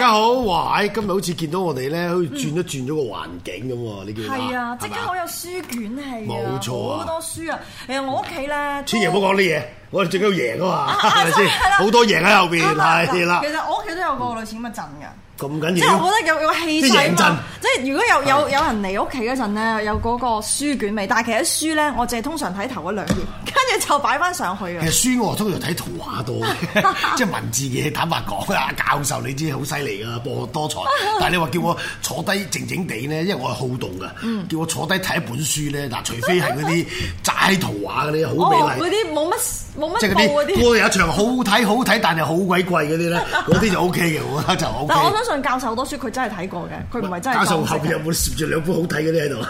大家好，哇！今日好似見到我哋咧，好似轉一轉咗個環境咁喎。你見係啊，即刻好有書卷氣，冇錯，好多書啊。其實我屋企咧，千祈唔好講啲嘢，我哋最緊要贏啊嘛，係咪先？好多贏喺後邊，係啦。其實我屋企都有個類似咁嘅陣嘅。咁緊要，即係我覺得有有氣勢陣即係如果有有有人嚟屋企嗰陣咧，有嗰個書卷味。但係其實書咧，我淨係通常睇頭嗰兩頁，跟住就擺翻上去啊。其實書我通常睇圖畫多 即係文字嘅。坦白講啊，教授你知好犀利㗎，博學多才。但係你話叫我坐低靜靜地咧，因為我係好動㗎。嗯、叫我坐低睇一本書咧，嗱，除非係嗰啲齋圖畫嗰啲好美麗。嗰啲冇乜冇乜，嗰啲有一場好睇好睇，但係好鬼貴嗰啲咧，嗰啲 就 OK 嘅，我覺得就 OK。 信教授好多書，佢真係睇過嘅，佢唔係真係。教授後邊有冇攝住兩本好睇嗰啲喺度？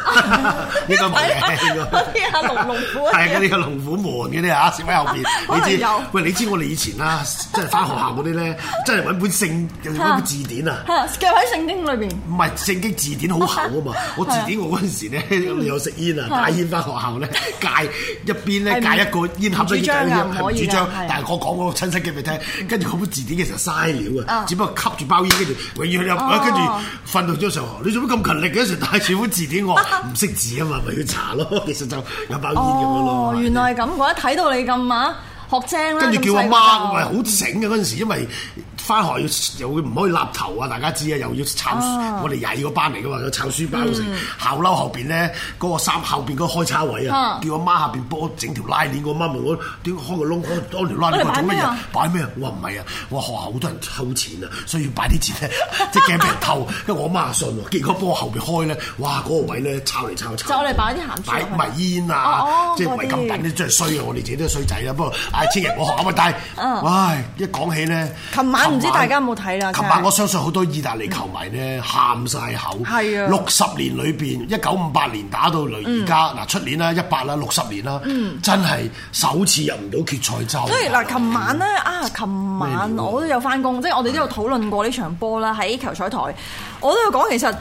呢個唔係龍龍虎。係啊，呢個龍虎門嗰啲啊，食喺後邊。可能有。喂，你知我哋以前啦，即係翻學校嗰啲咧，真係揾本聖揾本字典啊，夾喺聖經裏邊。唔係聖經字典好厚啊嘛，我字典我嗰陣時咧有食煙啊，帶煙翻學校咧，戒一邊咧戒一個煙盒，唔主張啊，唔可以。唔主張。但係我講我親身嘅俾你聽，跟住嗰本字典其實嘥料啊，只不過吸住包煙永遠又跟住訓到咗上學，哦、你做乜咁勤力？嗰時帶住副字典我，唔識字啊嘛，咪 要查咯。其實就有包煙咁樣咯。哦，原來係咁，我一睇到你咁啊，學精啦。跟住着 叫阿媽，咁咪好醒嘅嗰陣時，因為。翻學要又會唔可以立頭啊！大家知啊，又要摷我哋曳嗰班嚟噶嘛？要摷書包成校樓後邊咧，嗰個衫後邊嗰個開叉位啊，叫我媽下邊幫我整條拉鍊。我媽咪我：點開個窿開條拉鍊做乜嘢？擺咩啊？我話唔係啊，我話學校好多人偷錢啊，所以要擺啲錢咧，即驚俾人偷。跟住我媽信喎，結果幫我後邊開咧，哇！嗰個位咧摷嚟摷去，就我哋擺啲鹹菜，擺埋煙啊，即唔係咁品，即係衰啊！我哋自己都衰仔啦。不過唉，千祈唔好學啊嘛。但係，唉，一講起咧，琴晚。唔知大家有冇睇啦？琴晚我相信好多意大利球迷咧，喊晒、嗯、口。係啊！六十年裏邊，一九五八年打到嚟而家，嗱出、嗯、年啦，一八啦，六十年啦，真係首次入唔到決賽周。所以嗱，琴晚咧啊，琴晚我都有翻工，即係我哋都有討論過呢場波啦，喺是的 球賽台，我都有講其實。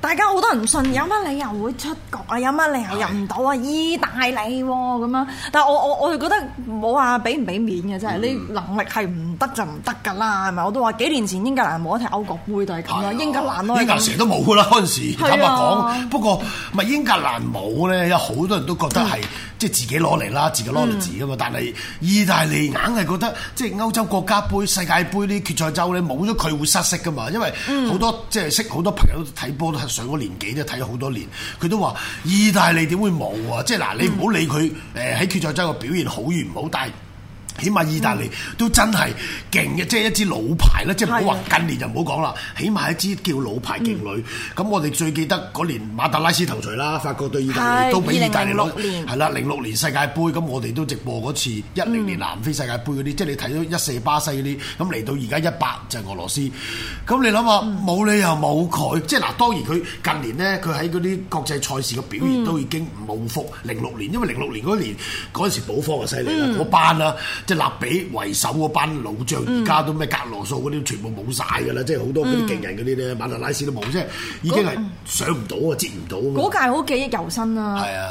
大家好多人唔信，有乜理由會出局啊？有乜理由入唔到啊？是的 意大利喎、啊、咁樣，但我我我就覺得冇話俾唔俾面嘅，真係你、嗯、能力係唔得就唔得噶啦，係咪？我都話幾年前英格蘭冇得踢歐國杯都係咁啦，英格蘭咯，英格蘭成日都冇啦，嗰陣時坦白講。不過咪英格蘭冇咧，有好多人都覺得係。嗯即係自己攞嚟啦，自己攞嚟自己噶嘛。嗯、但係意大利硬係覺得，即係歐洲國家杯、世界盃啲決賽周咧，冇咗佢會失色噶嘛。因為好多、嗯、即係識好多朋友都睇波都係上咗年紀都睇咗好多年，佢都話：意大利點會冇啊？嗯、即係嗱，你唔好理佢誒喺決賽周嘅表現好與唔好，但起碼意大利都真係勁嘅，即係一支老牌啦，即係唔好話近年就唔好講啦。起碼一支叫老牌勁旅。咁、嗯、我哋最記得嗰年馬特拉斯頭槌啦，法國對意大利是都比意大利攞。係啦年，零六年世界盃，咁我哋都直播嗰次一零、嗯、年南非世界盃嗰啲，即係你睇到一四巴西嗰啲。咁嚟到而家一八就係俄羅斯。咁你諗下，冇理由冇佢。即係嗱，當然佢近年呢，佢喺嗰啲國際賽事嘅表現都已經冇復零六年，因為零六年嗰年嗰陣時保方就犀利嗰班啦、啊。即係立比為首嗰班老將，而家、嗯、都咩格羅素嗰啲全部冇晒㗎啦！嗯、即係好多嗰啲勁人嗰啲咧，馬特拉斯都冇，即係已經係上唔到啊，那接唔到啊！嗰屆好記憶猶新啦，係啊，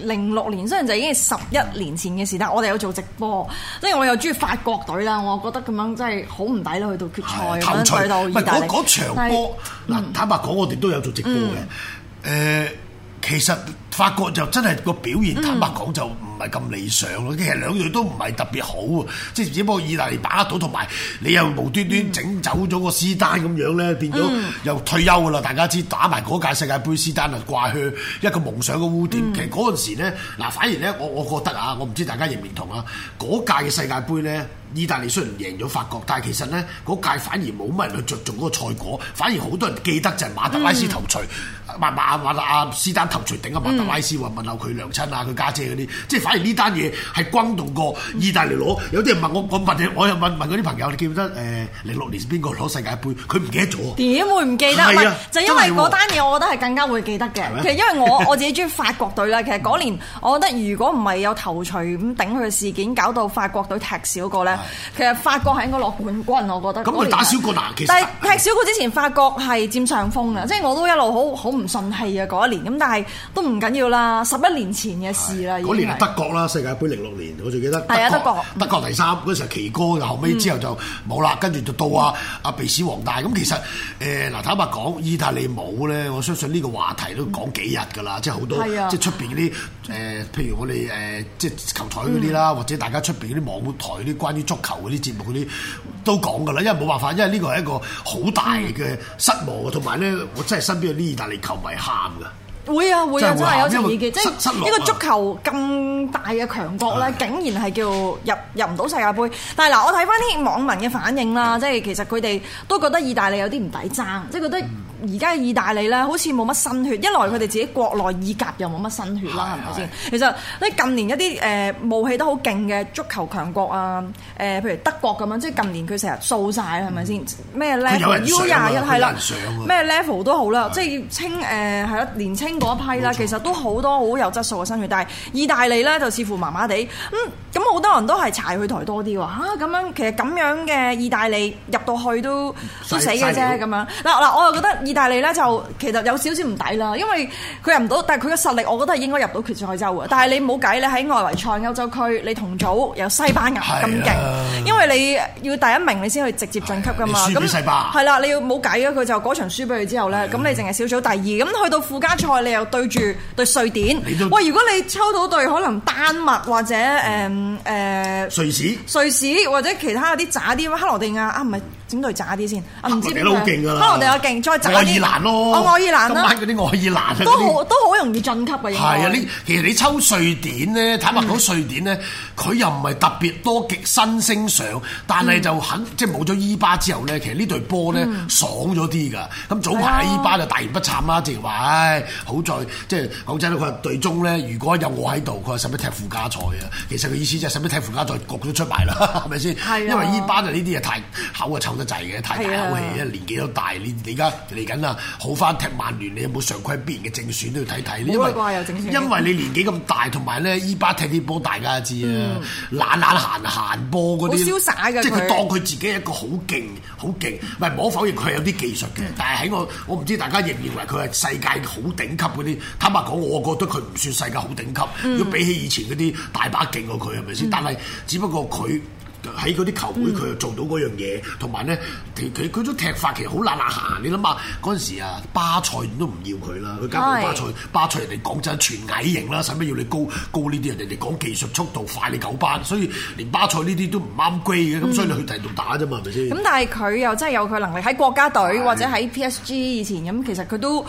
零零六年雖然就已經係十一年前嘅事，但我哋有做直播，因為我又中意法國隊啦，我覺得咁樣真係好唔抵咯，去到決賽咁樣取到意大利嗱，是坦白講，我哋都有做直播嘅，誒、嗯。呃其實法國就真係個表現坦白講就唔係咁理想咯，嗯、其實兩隊都唔係特別好喎，即係只不過意大利把握到，同埋你又無端端整走咗個斯丹咁樣咧，嗯、變咗又退休㗎啦。大家知打埋嗰屆世界盃，斯丹啊掛靴，一個夢想嘅污點。嗯、其實嗰陣時咧，嗱反而咧，我我覺得啊，我唔知大家認唔認同啊，嗰屆嘅世界盃咧。意大利雖然贏咗法國，但係其實咧嗰屆反而冇乜人去着重嗰個賽果，反而好多人記得就係馬特拉斯頭槌，唔係、嗯、馬馬阿斯丹頭槌頂阿馬特拉斯話、嗯、問候佢娘親啊佢家姐嗰啲，即係反而呢單嘢係轟動過意大利攞。嗯、有啲人問我，我問我又問我問嗰啲朋友，你記唔記得誒零六年邊個攞世界盃？佢唔記,記得咗。點會唔記得？就因為嗰單嘢，我覺得係更加會記得嘅。嗎其實因為我我自己中意法國隊啦，其實嗰年 我覺得如果唔係有頭槌咁頂佢事件，搞到法國隊踢少個咧。啊其實法國係應該攞冠軍，我覺得。咁佢打少個嗱，其實但係踢少個之前，法國係佔上風嘅，即係我都一路好好唔順氣啊嗰一年。咁但係都唔緊要啦，十一年前嘅事啦。嗰年係德國啦，世界盃零六年，我仲記得。係啊，德國，德國第三嗰時候，奇哥又後尾之後就冇啦，跟住就到阿阿鼻屎王大。咁其實誒嗱，坦白講，意大利冇咧，我相信呢個話題都講幾日㗎啦，即係好多即係出邊嗰啲誒，譬如我哋誒即係球台嗰啲啦，或者大家出邊嗰啲網台啲關於，足球嗰啲節目啲都講㗎啦，因為冇辦法，因為呢個係一個好大嘅失望。同埋咧，我真係身邊有啲意大利球迷喊噶，會啊會啊，真係有啲意見，即係呢個足球咁大嘅強國咧，的竟然係叫入入唔到世界盃。但係嗱，我睇翻啲網民嘅反應啦，即係其實佢哋都覺得意大利有啲唔抵爭，即係覺得。嗯而家意大利咧，好似冇乜新血，一來佢哋自己國內意甲又冇乜新血啦，係咪先？其實咧，近年一啲誒冒起得好勁嘅足球強國啊，誒、呃、譬如德國咁樣，即係近年佢成日掃晒，係咪先？咩 level？U 廿一係啦，咩 level 都好啦，是的 即係青誒係啦，年青嗰批啦，沒錯 其實都好多好有質素嘅新血，但係意大利咧就似乎麻麻地咁。嗯咁好多人都係踩佢台多啲喎，咁、啊、樣其實咁樣嘅意大利入到去都都死嘅啫咁樣。嗱嗱，我又覺得意大利咧就其實有少少唔抵啦，因為佢入唔到，但係佢嘅實力我覺得係應該入到決賽周嘅。是但係你冇計你喺外圍賽歐洲區，你同組有西班牙咁勁，啊、因為你要第一名你先可以直接晉級㗎嘛。輸俾西班牙係啦，你要冇計啊！佢就嗰場輸俾佢之後咧，咁、嗯、你淨係小組第二，咁去到附加賽你又對住對瑞典。都喂，如果你抽到對可能丹麥或者誒？呃嗯，誒，瑞士，瑞士或者其他嗰啲渣啲，克羅地亞啊，唔係。整對炸啲先，唔知啊！知你啊可能你有勁，再整啲愛爾蘭咯，今晚嗰啲愛爾蘭，愛爾蘭都好都好容易晉級嘅。係啊，呢、啊、其實你抽瑞典咧，坦白講，瑞典咧佢又唔係特別多極新星上，但係就肯、嗯、即係冇咗伊巴之後咧，其實呢隊波咧、嗯、爽咗啲㗎。咁早排啊，伊巴就大言不慚啦，直情話唉，好在即係講真佢對中咧，如果有我喺度，佢話使唔使踢附加賽啊？其實個意思就係使唔使踢附加賽，局都出埋啦，係咪先？啊、因為伊巴就呢啲嘢太厚啊，臭！得滯嘅，太大口氣，因為是的 年紀都大。你而家嚟緊啊，好翻踢曼聯，你有冇常規必然嘅正選都要睇睇。因為，因為你年紀咁大，同埋咧，伊巴踢啲波大家知啊，嗯、懶懶行行波嗰啲。即係佢當佢自己一個好勁、好勁。唔係，可否認佢係有啲技術嘅？嗯、但係喺我，我唔知大家認唔認為佢係世界好頂級嗰啲。坦白講，我覺得佢唔算世界好頂級。如果、嗯、比起以前嗰啲大把勁過佢係咪先？是是但係只不過佢。喺嗰啲球會佢又做到嗰樣嘢，同埋咧，佢佢佢種踢法其實好懶懶行。你諗下嗰陣時啊，巴塞都唔要佢啦。佢加巴塞，是的 巴塞人哋講真全矮型啦，使乜要你高高呢啲人哋？講技術速度快你九班，是的 所以連巴塞呢啲都唔啱追嘅。咁、嗯、所以你去第度打啫嘛，係咪先？咁但係佢又真係有佢能力喺國家隊是的 或者喺 PSG 以前咁，其實佢都。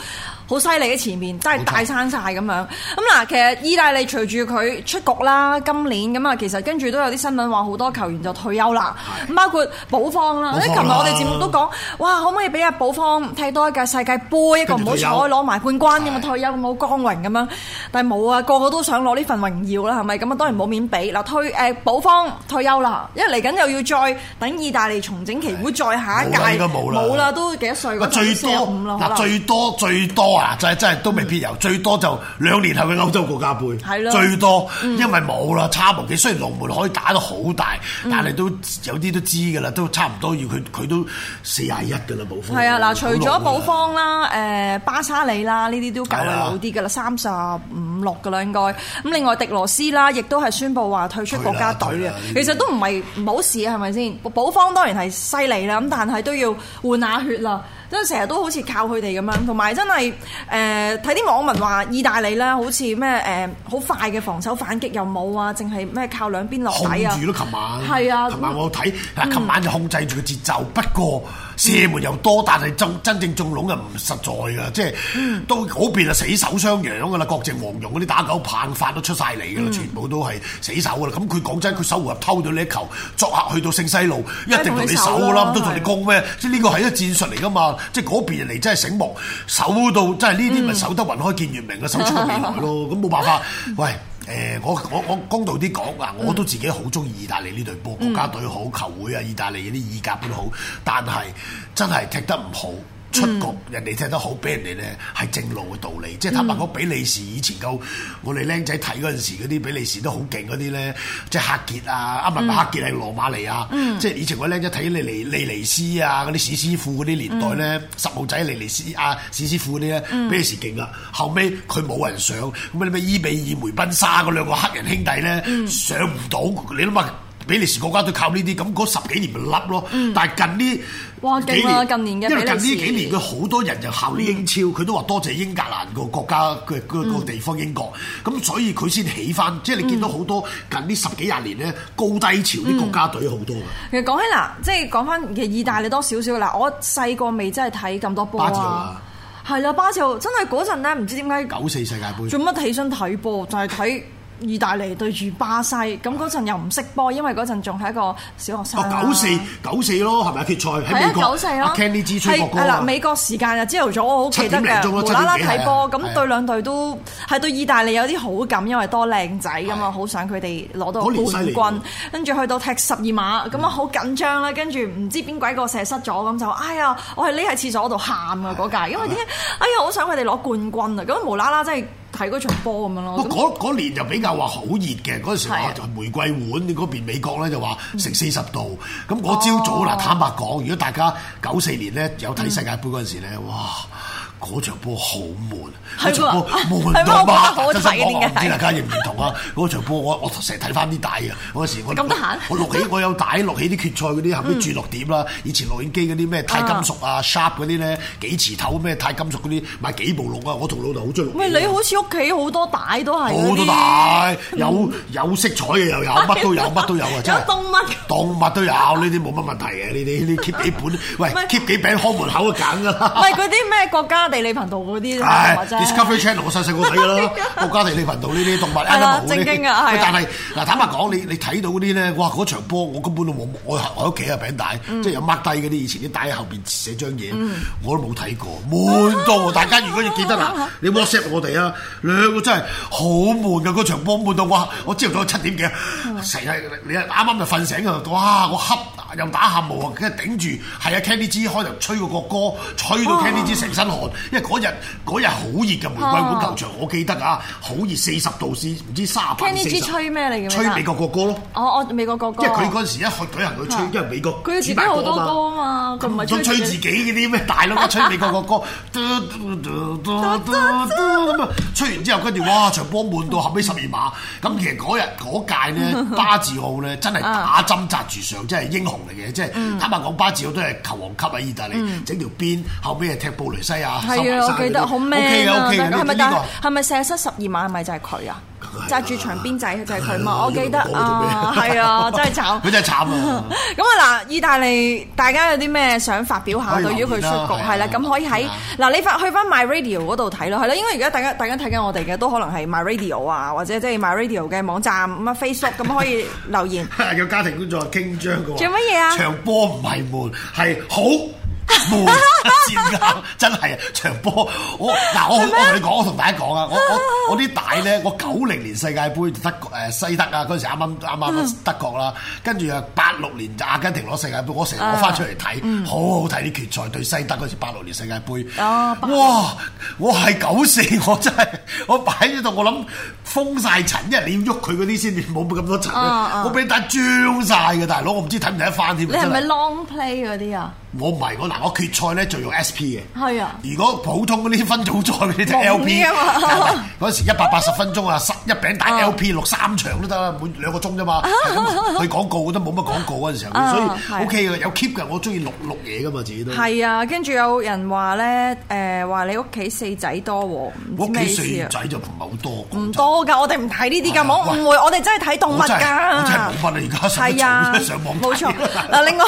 好犀利嘅前面，真係大生晒咁樣。咁嗱，其實意大利隨住佢出局啦，今年咁啊，其實跟住都有啲新聞話好多球員就退休啦。包括保方啦，咁琴日我哋節目都講，哇，可唔可以俾阿保方睇多一屆世界盃一個唔好彩攞埋冠軍咁啊退休咁好光榮咁樣？但係冇啊，個個都想攞呢份榮耀啦，係咪？咁啊當然冇面俾嗱，退誒保方退休啦，因為嚟緊又要再等意大利重整旗鼓，再下一屆冇啦，應該冇啦，都幾多歲嗰陣時？四十五啦，可能最多最多。嗱、啊，真係真係都未必有，最多就兩年後嘅歐洲國家杯，的最多，嗯、因為冇啦，差唔多。雖然龍門可以打到好大，嗯、但係都有啲都知㗎啦，都差唔多要佢，佢都四廿一㗎啦，保方。係啊，嗱，除咗保方啦，誒、呃、巴沙里啦，呢啲都較老啲㗎啦，三十五六㗎啦應該。咁另外迪羅斯啦，亦都係宣布話退出國家隊啊。其實都唔係唔好事係咪先？保方當然係犀利啦，咁但係都要換下血啦。即係成日都好似靠佢哋咁樣，同埋真係誒睇啲網民話意大利啦，好似咩誒好快嘅防守反擊又冇啊，淨係咩靠兩邊落底啊，控制住咯，琴晚，係啊，琴晚我睇，啊，琴晚就控制住個節奏，不過。射門又多，但係真真正中籠啊唔實在㗎，即係到嗰邊啊死守相養㗎啦，郭靖黃蓉嗰啲打狗棒法都出晒嚟㗎，嗯、全部都係死守㗎啦。咁佢講真，佢守護神偷咗呢一球，作客去到聖西路，一定同你守㗎啦，唔通同你攻咩？即係呢個係一戰術嚟㗎嘛。的即係嗰邊人嚟真係醒目，守到真係呢啲咪守得雲開見月明啊，守出個未來咯。咁冇辦法， 喂。誒、呃、我我我公道啲講啊，我都自己好中意意大利呢隊波，國家隊好，球會啊，意大利啲意甲都好，但係真係踢得唔好。出局人哋踢得好，俾人哋咧係正路嘅道理。即係坦白講，比利時以前夠我哋僆仔睇嗰陣時嗰啲比利時都好勁嗰啲咧，即係克傑啊，傑啊唔係克傑係羅馬尼亞啊，嗯、即係以前我僆仔睇利尼利尼斯啊，嗰啲史師傅嗰啲年代咧，嗯、十號仔利尼斯啊，史師傅嗰啲咧，比利時勁啊。後尾佢冇人上，咁你啲咩伊比爾梅賓莎嗰兩個黑人兄弟咧、嗯、上唔到，你諗下？比利時國家都靠呢啲，咁嗰十幾年咪笠咯。嗯、但係近呢，哇！近年近年嘅比利時，因為近呢幾年佢好、嗯、多人就效英超，佢都話多謝，謝英格蘭個國家嘅、嗯、個地方英國。咁所以佢先起翻，即係你見到好多近呢十幾廿年咧、嗯、高低潮啲國家隊好多嘅、嗯。其實講起嗱，即係講翻嘅意大利多少少嘅我細個未真係睇咁多波啊。係啦、啊，巴超真係嗰陣咧，唔知點解九四世界盃做乜起身睇波，就係、是、睇。 意大利對住巴西，咁嗰陣又唔識波，因為嗰陣仲係一個小學生。哦，九四九四咯，係咪啊？決賽喺美國。係啊，九四咯。係啦，美國時間啊，朝頭早我好記得嘅，無啦啦睇波，咁對兩隊都係對意大利有啲好感，因為多靚仔噶嘛，好想佢哋攞到冠軍。跟住去到踢十二碼，咁啊好緊張啦。跟住唔知邊鬼個射失咗，咁就哎呀，我係匿喺廁所度喊啊嗰屆，因為點解？哎呀，好想佢哋攞冠軍啊！咁無啦啦真係。睇嗰場波咁樣咯，嗰那、嗰個、年就比較話好熱嘅，嗰陣的時話玫瑰碗嗰邊美國咧就話成四十度，咁嗰朝早嗱、哦、坦白講，如果大家九四年咧有睇世界盃嗰陣時咧，嗯、哇！嗰場波好悶，嗰場波冇乜點嘅睇，唔知大家認唔認同啊？嗰場波我我成日睇翻啲帶啊。嗰時我咁得閒我錄起我有帶錄起啲決賽嗰啲後屘轉落點啦，以前錄影機嗰啲咩太金屬啊 Sharp 嗰啲咧幾磁頭咩太金屬嗰啲，買幾部錄啊？我同老豆好中意錄。喂，你好似屋企好多帶都係好多帶，有有色彩嘅又有，乜都有，乜都有啊。真係。有動物，動物都有呢啲冇乜問題嘅呢啲你 keep 幾本，喂 keep 幾餅看門口啊，揀㗎啦。喂，嗰啲咩國家？地理頻道嗰啲，Discovery Channel 我細細個睇嘅啦。國家地理頻道呢啲動物一都好。正經啊，但係嗱，坦白講，你你睇到嗰啲咧，哇！嗰場波我根本都冇，我喺屋企啊餅帶，即係有 mark 低嗰啲以前啲帶喺後邊寫張嘢，我都冇睇過，悶到。大家如果要記得啦，你 WhatsApp 我哋啊，兩個真係好悶嘅嗰場波，悶到哇！我朝早七點幾，成日你啱啱就瞓醒啊，哇！我恰又打下霧啊，跟住頂住，係啊，Kenny G 開頭吹個國歌，吹到 Kenny G 成身汗。因為嗰日嗰日好熱嘅玫瑰碗球場，我記得啊，好熱，四十度先，唔知卅八度四十。聽呢支吹咩嚟嘅？吹美國國歌咯。哦哦，美國國歌。即係佢嗰陣時一去舉行佢吹，因為美國。佢自己好多歌啊嘛。咁咪都吹自己嗰啲咩大喇叭吹美國國歌。嘟嘟嘟嘟嘟咁啊！吹完之後，跟住哇場波悶到後尾十二碼。咁其實嗰日嗰屆咧巴治奧咧真係打針扎住上，真係英雄嚟嘅。即係坦白講，巴治奧都係球王級啊，意大利整條邊，後尾係踢布雷西亞。係啊，我記得好咩啊？係咪但係咪射失十二碼係咪就係佢啊？揸住牆邊仔就係佢嘛？我記得啊，係啊，真係慘。佢真係慘啊！咁啊嗱，意大利大家有啲咩想發表下？對於佢出局係啦，咁可以喺嗱你翻去翻 MyRadio 嗰度睇咯，係啦，因為而家大家大家睇緊我哋嘅都可能係 MyRadio 啊，或者即係 MyRadio 嘅網站咁啊 Facebook 咁可以留言。有家庭觀眾係囂張嘅。做乜嘢啊？場波唔係悶係好。悶，笑啊！真係場波，我嗱我我同你講，我同嗎大家講啊，我我我啲帶咧，我九零年世界盃德誒西德啊，嗰陣時啱啱啱啱德國啦，跟住啊八六年阿根廷攞世界盃，我成日攞翻出嚟睇，uh, uh, um, 好好睇啲決賽對西德嗰時八六年世界盃。哦，uh, uh, 哇！我係九四，我真係我擺喺度，我諗封晒塵，因為你要喐佢嗰啲先至冇咁多塵，uh, uh,。我俾帶髒晒嘅大佬，我唔知睇唔睇得翻添。你係咪 long play 嗰啲啊？我唔係我嗱，我決賽咧就用 S P 嘅。係啊。如果普通嗰啲分組賽嗰啲 L P 啊嘛，嗰時一百八十分鐘啊，一餅帶 L P 錄三場都得啦，每兩個鐘啫嘛。去廣告都冇乜廣告嗰陣時候，所以 OK 有 keep 嘅。我中意錄錄嘢噶嘛，自己都係啊。跟住有人話咧，誒話你屋企四仔多喎。屋企四仔就唔係好多。唔多㗎，我哋唔睇呢啲㗎，冇誤會。我哋真係睇動物㗎。真係冇乜啊，而家上網上網。冇錯。嗱，另外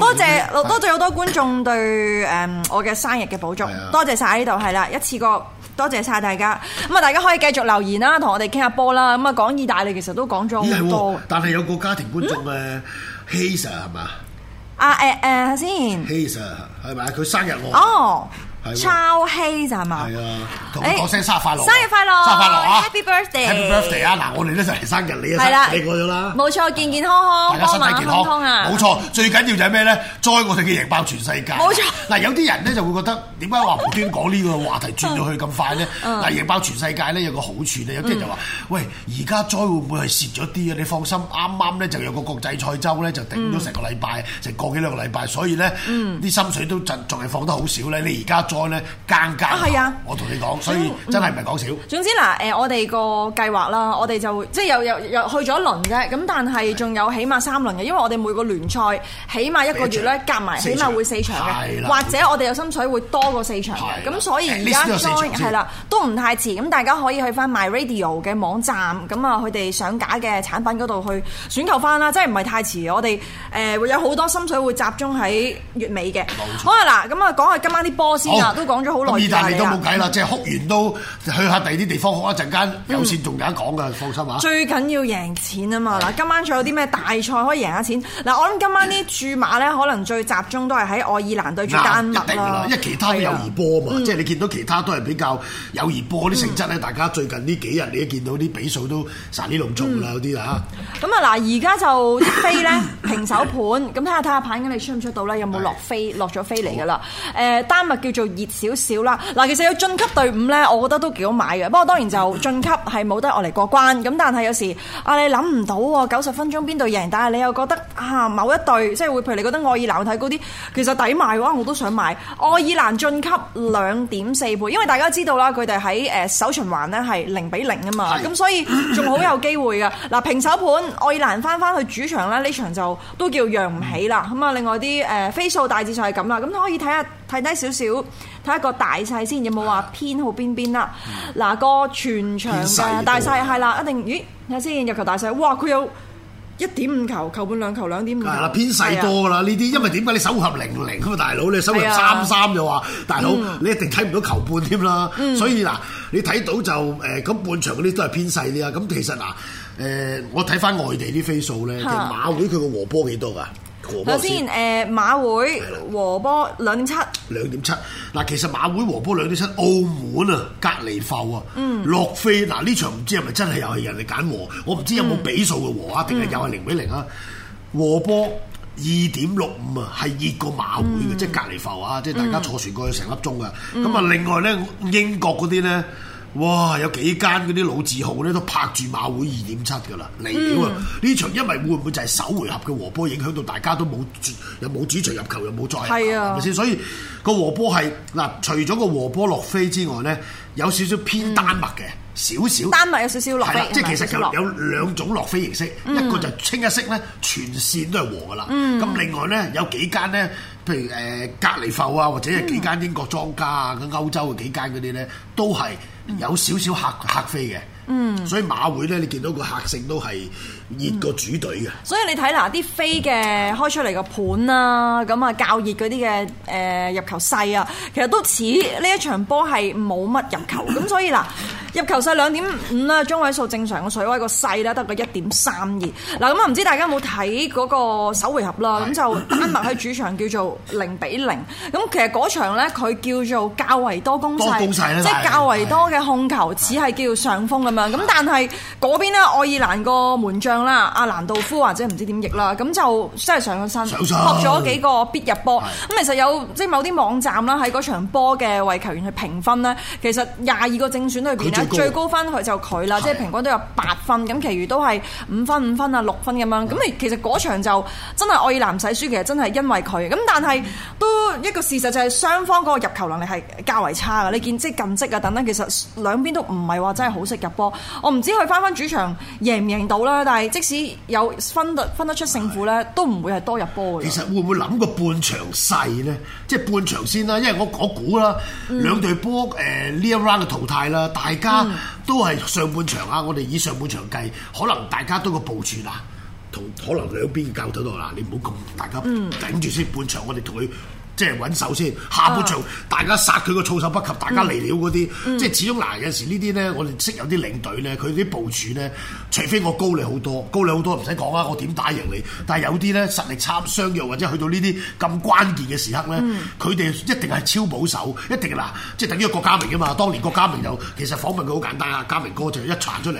多謝。多謝好多觀眾對誒我嘅生日嘅補充，啊、多謝晒呢度係啦，一次過多謝晒大家，咁啊大家可以繼續留言啦，同我哋傾下波啦，咁啊講意大利其實都講咗好多，欸、但係有個家庭觀眾啊，Hisa 係嘛？啊、嗯，誒誒，uh, uh, uh, 先 Hisa 係咪？佢生日我。Oh, 抄戲咋嘛？係啊，同我講聲生日快樂！生日快樂！生日快樂 Happy birthday！Happy birthday 啊！嗱，我哋咧就嚟生日，你啊，你過咗啦。冇錯，健健康康，大家身體健康啊！冇錯，最緊要就係咩咧？災，我哋叫贏爆全世界。冇錯。嗱，有啲人咧就會覺得點解話唔斷講呢個話題轉咗去咁快咧？嗱，贏爆全世界咧有個好處咧，有啲人就話：喂，而家災會唔會係蝕咗啲啊？你放心，啱啱咧就有個國際賽周咧就頂咗成個禮拜，成個幾兩個禮拜，所以咧啲心水都仲仲係放得好少咧。你而家。咧間啊，我同你講，所以真係唔係講少。總之嗱，誒我哋個計劃啦，我哋就即係又又又去咗一輪啫。咁但係仲有起碼三輪嘅，因為我哋每個聯賽起碼一個月咧，夾埋起碼會四場嘅，或者我哋有心水會多過四場嘅。咁所以而家 join 係啦，都唔太遲。咁大家可以去翻 My Radio 嘅網站，咁啊佢哋上架嘅產品嗰度去選購翻啦。即係唔係太遲？我哋誒會有好多心水會集中喺月尾嘅。好啊嗱，咁啊講下今晚啲波先。都講咗好耐，意大利都冇計啦，即係哭完都去下第二啲地方哭一陣間，有線仲有得講噶，放心啊！最緊要贏錢啊嘛！嗱，今晚仲有啲咩大賽可以贏下錢？嗱，我諗今晚啲注碼咧，可能最集中都係喺愛爾蘭對住丹麥啦。因為其他友誼波嘛，即係你見到其他都係比較友誼波啲成績咧。大家最近呢幾日你都見到啲比數都神啲隆重啦，有啲啊。咁啊，嗱，而家就飛咧平手盤，咁睇下睇下鵬，你出唔出到咧？有冇落飛落咗飛嚟噶啦？誒，丹麥叫做。熱少少啦，嗱，其實有晉級隊伍呢，我覺得都幾好買嘅。不過當然就晉級係冇得我嚟過關咁，但係有時啊，你諗唔到喎，九十分鐘邊隊贏？但係你又覺得啊，某一隊即係會，譬如你覺得愛爾蘭睇高啲，其實抵買嘅話，我都想買愛爾蘭晉級兩點四倍，因為大家知道啦，佢哋喺誒首循環呢係零比零啊嘛，咁是的 所以仲好有機會嘅。嗱， 平手盤愛爾蘭翻翻去主場呢，呢場就都叫揚唔起啦。咁啊，另外啲誒、呃、飛數大致上係咁啦，咁可以睇下。睇低少少，睇一個大細先，有冇話偏好邊邊啦？嗱、嗯，個、啊、全場大細係啦，一定咦？睇下先入球大細，哇！佢有一點五球，球半兩球兩點五球啦，偏細多噶啦呢啲，因為點解、嗯、你手合零零咁啊？大佬你手合三三就話，大佬、嗯、你一定睇唔到球半添啦。嗯、所以嗱，你睇到就誒咁、呃、半場嗰啲都係偏細啲啊。咁其實嗱，誒、呃呃、我睇翻外地啲飛數咧，馬會佢個和波幾多噶？首先，誒、呃、馬會和波兩點七，兩點七。嗱，其實馬會和波兩點七，澳門啊，隔離埠啊，嗯，落飛。嗱、啊，呢場唔知係咪真係又係人哋揀和，我唔知有冇比數嘅和啊，定係又係零比零啊？和波二點六五啊，係熱過馬會嘅，即係、嗯、隔離埠啊，即、就、係、是、大家坐船過去成粒鐘嘅。咁啊、嗯，嗯、另外咧，英國嗰啲咧。哇！有幾間嗰啲老字號咧都拍住馬會二點七噶啦，嚟料啊！呢場、嗯、因為會唔會就係首回合嘅和波影響到大家都冇又冇主場入球又冇再入是啊，咪先？所以個和波係嗱，除咗個和波落飛之外咧，有少少偏丹麥嘅少少，嗯、小小丹麥有少少落飛，啦是是即係其實有有兩種落飛形式，嗯、一個就清一色咧，全線都係和噶啦。咁、嗯、另外咧有幾間咧。譬如誒、呃、隔離埠啊，或者係幾間英國莊家啊，咁 歐洲嘅幾間嗰啲咧，都係有少少客 客飛嘅。嗯，所以馬會咧，你見到個客勝都係熱過主隊嘅。所以你睇嗱啲飛嘅開出嚟個盤啊，咁啊較熱啲嘅誒入球細啊，其實都似呢一場波係冇乜入球。咁 所以嗱，入球細兩點五啦，中位數正常嘅水位個細啦得個一點三二。嗱咁啊，唔知大家有冇睇個首回合啦？咁 就丹麥喺主場叫做零比零。咁其實嗰場咧，佢叫做較為多攻勢，攻啊、即係較為多嘅控球， 只係叫上風咁。咁但係嗰邊咧，愛爾蘭個門將啦，阿蘭道夫或者唔知點譯啦，咁就真係上咗身，撲咗水幾個必入波。咁是其實有即係某啲網站啦，喺嗰場波嘅為球員去評分咧，其實廿二個正選裏邊呢，最高，最高分佢就佢啦，是即係平均都有八分，咁其餘都係五分、五分啊、六分咁樣。咁咪是其實嗰場就真係愛爾蘭使輸，其實真係因為佢。咁但係都一個事實就係雙方嗰個入球能力係較為差嘅。你見即係近績啊等等，其實兩邊都唔係話真係好識入波。我唔知佢翻翻主場贏唔贏到啦，但係即使有分得分得出勝負咧，都唔會係多入波嘅。其實會唔會諗過半場勢咧？即係半場先啦，因為我估啦，嗯、兩隊波誒呢一 round 嘅淘汰啦，大家、嗯、都係上半場啊！我哋以上半場計，可能大家都個部署啊，同可能兩邊教到度嗱，你唔好咁大家頂住先，半場我哋同佢。即係穩守先，下半場大家殺佢個措手不及，嗯、大家嚟了嗰啲，嗯、即係始終嗱有時呢啲咧，我哋識有啲領隊咧，佢啲部署咧，除非我高你好多，高你好多唔使講啊，我點打贏你？但係有啲咧實力參差，相弱或者去到呢啲咁關鍵嘅時刻咧，佢哋、嗯、一定係超保守，一定嗱，即係等於郭家明啊嘛，當年郭家明有，其實訪問佢好簡單啊，家明哥就一傳出嚟，誒、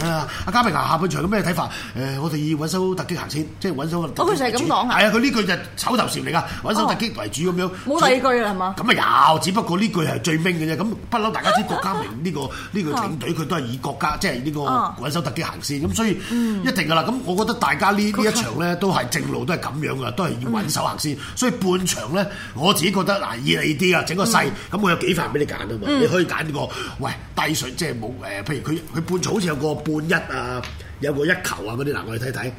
呃、啊阿家明啊，下半場有咩睇法？誒、呃，我哋要穩守突擊行先，即係穩守突擊。哦，咁講啊，啊，佢呢句就口頭禪嚟㗎，穩守突為主咁樣，冇第二句啦，係嘛？咁啊有， 只不過呢句係最明嘅啫。咁不嬲，大家知國家隊呢個呢 個領隊，佢都係以國家即係呢個穩守突擊行先。咁所以一定噶啦。咁我覺得大家呢呢一場咧都係正路都係咁樣噶，都係要穩守行先。 所以半場咧，我自己覺得嗱，易啲啲啊，整個細咁，我 有幾範俾你揀啊嘛。 你可以揀呢個喂低水，即係冇誒。譬如佢佢半場好似有個半一啊，有個一球啊嗰啲嗱，我哋睇睇。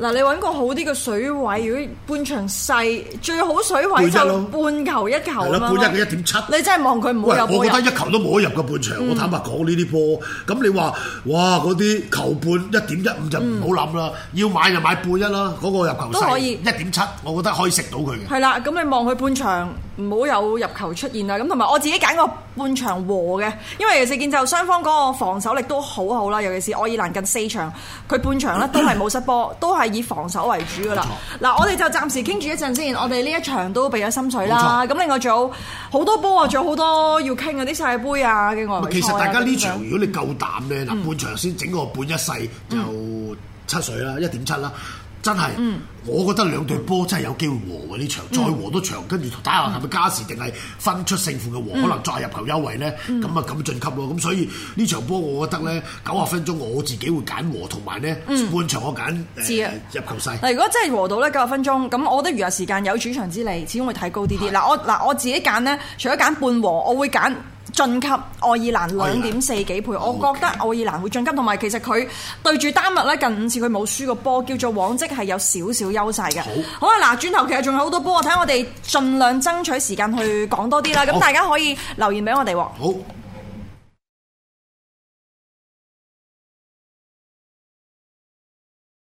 嗱，你揾個好啲嘅水位，如果半場細，最好水位就半球一球啦。半一一點七。你真係望佢冇入波入。我覺得一球都冇得入嘅半場，嗯、我坦白講呢啲波。咁你話，哇，嗰啲球半一點一五就唔好諗啦。嗯、要買就買半一啦，嗰、嗰個入球都可以。一點七，我覺得可以食到佢嘅。係啦，咁你望佢半場。唔好有入球出現啦，咁同埋我自己揀個半場和嘅，因為其實見就雙方嗰個防守力都好好啦，尤其是愛爾蘭近四場佢半場咧都係冇失波， 都係以防守為主噶啦。嗱錯，我哋就暫時傾住一陣先，我哋呢一場都畀咗心水啦。咁錯另外仲有好多波啊，仲有好多要傾啊，啲世杯啊嘅外。其實大家呢場如果你夠膽咧，嗱 半場先整個半一世 就七水啦，一點七啦。 真係，嗯、我覺得兩隊波真係有機會和喎呢場，嗯、再和多場，跟住睇下係咪加時定係分出勝負嘅和，嗯、可能再入球優惠咧，咁啊咁晉級咯。咁所以呢場波，我覺得咧九十分鐘，我自己會揀和，同埋咧半場我揀、呃、入球勢。嗱，如果真係和到咧九十分鐘，咁我覺得餘下時間有主場之利，始終會睇高啲啲。嗱的，我嗱我自己揀咧，除咗揀半和，我會揀。晉級愛爾蘭兩點四幾倍，我覺得愛爾蘭會晉級，同埋其實佢對住丹麥咧近五次佢冇輸過波，叫做往績係有少少優勢嘅。好啊，嗱，轉頭其實仲有好多波，我睇下我哋盡量爭取時間去講多啲啦。咁好大家可以留言俾我哋。好。